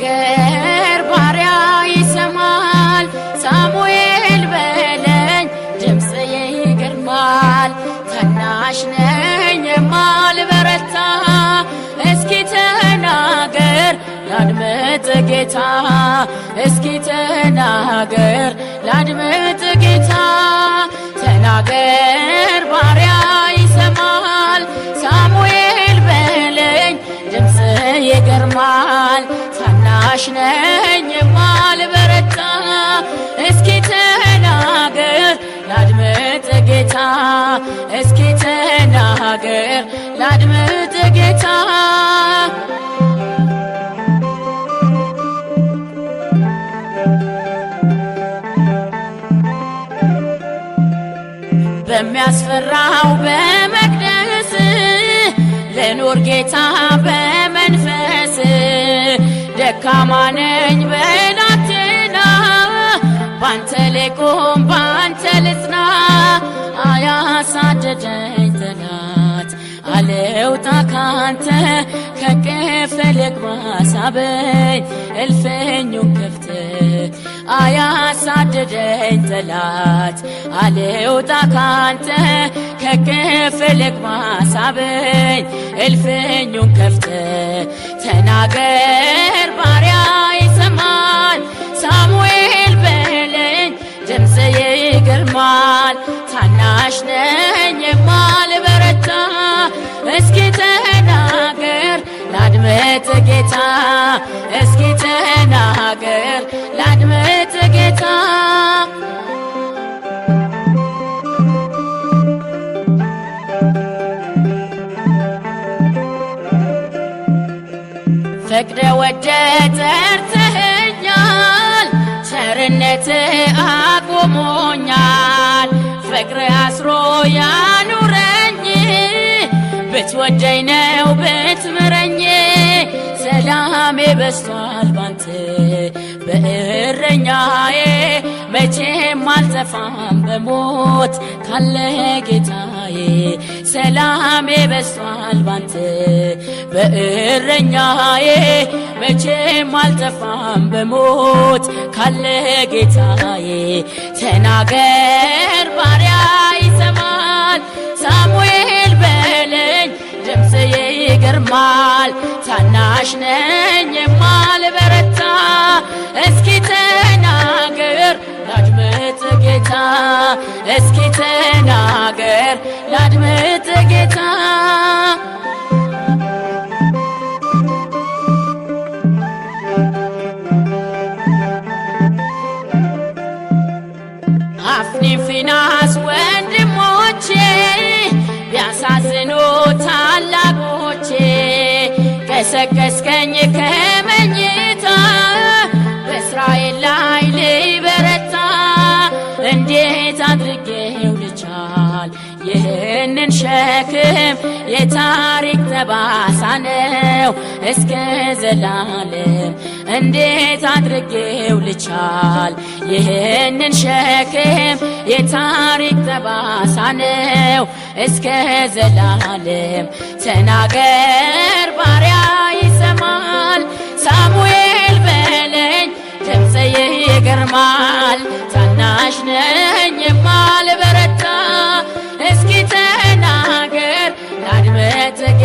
ሀገር ባሪያ ይሰማል። ሳሙኤል በለኝ ድምፅ ይገርማል። ታናሽ ነኝ የማልበረታ እስኪ ተናገር ላድምጥ ጌታ፣ እስኪ ተናገር ላድምጥ ጌታ ታጋሽ ነኝ ማልበረታ እስኪ ተናገር ላድምጥ ጌታ እስኪ ተናገር ላድምጥ ጌታ በሚያስፈራው በመቅደስ ልኖር ጌታ ማነኝ በላትና ባንተ ልቁም ባንተ ልጽና አያሳደደኝ ጠላት አለውታ ካንተ ከቅፍ ልግባ ሳበኝ እልፍኙን ክፍት አያሳደደኝ ጠላት አለውታ ካንተ ከቅፍ ልግባ ሳበኝ እልፍኙን ክፍት ተናገር ማርያ ይሰማል ሳሙኤል በለኝ ይገርማል ታናሽ ነኝ የማልበ ወደ ጠርተኸኛል፣ ቸርነት አቁሞኛል፣ ፍቅር አስሮ ያኑረኝ። ብትወደኝ ነው ብትምረኝ፣ ሰላሜ በስቷል ባንተ እረኛዬ መቼም አልጠፋም በሞት ካለ ጌታዬ ሰላሜ በስቷል ባንተ በእረኛዬ መቼም አልጠፋም በሞት ካለ ጌታዬ ተናገር ባሪያ ይሰማል ሳሙኤል በለኝ ድምፅዬ ይገርማል ታናሽ ነኝ የማልበረት እስኪ ተናገር ላድምጥ ጌታ ፊናስ ወንድሞቼ ቢያሳዝኑ ታላቆቼ ቀሰቀስከኝ ከመ እንዴት አድርጌው ልቻል ይህንን ሸክም? የታሪክ ጠባሳ ነው እስከ ዘላለም። እንዴት አድርጌው ልቻል ይህንን ሸክም? የታሪክ ጠባሳ ነው እስከ ዘላለም። ተናገር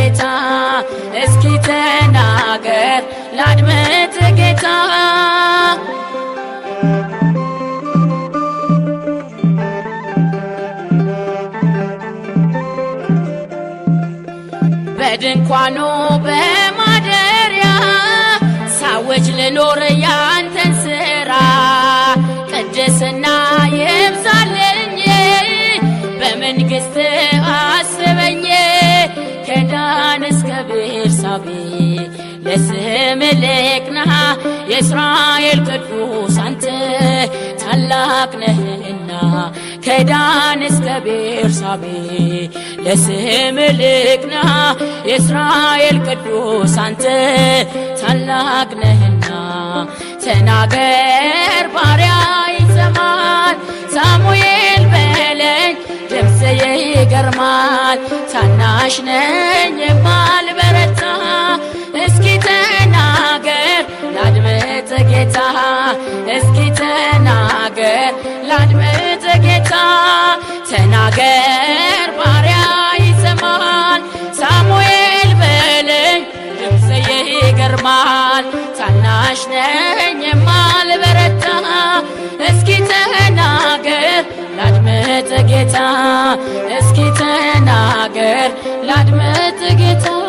ጌታ እስኪ ተናገር ላድመጥ ጌታ በድንኳኑ በማደሪያ ሰዎች ልኖር ያንተን ስራ ቅድስና ይብዛልኝ በመንግሥት ኤልሳቤ ለስም ልቅነሃ የእስራኤል ቅዱስ አንተ ታላቅ ነህና ከዳን እስከ ቤርሳቤ ለስም ልቅነሃ የእስራኤል ቅዱስ አንተ ታላቅ ነህና ተናገር ባሪያ ይሰማል ሳሙኤል በለኝ ድምፅዬ ይገርማል ታናሽ ነኝ ጌታ እስኪ ተናገር ላድምጥ ጌታ ተናገር ባሪያ ይሰማል ሳሙኤል በለኝ ድምፅ ይገርማል ታናሽ ነኝ የማልበረታ እስኪ ተናገር ላድምጥ ጌታ እስኪ ተናገር ላድምጥ ጌታ